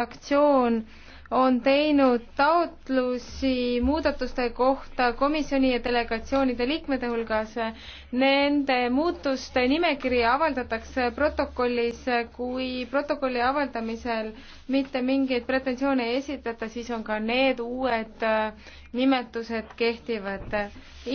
fraktsioon on teinud taotlusi muudatuste kohta komisjoni ja delegatsioonide liikmete hulgas. Nende muutuste nimekiri avaldatakse protokollis, kui protokolli avaldamisel mitte mingeid pretensioone ei esitata, siis on ka need uued nimetused kehtivad.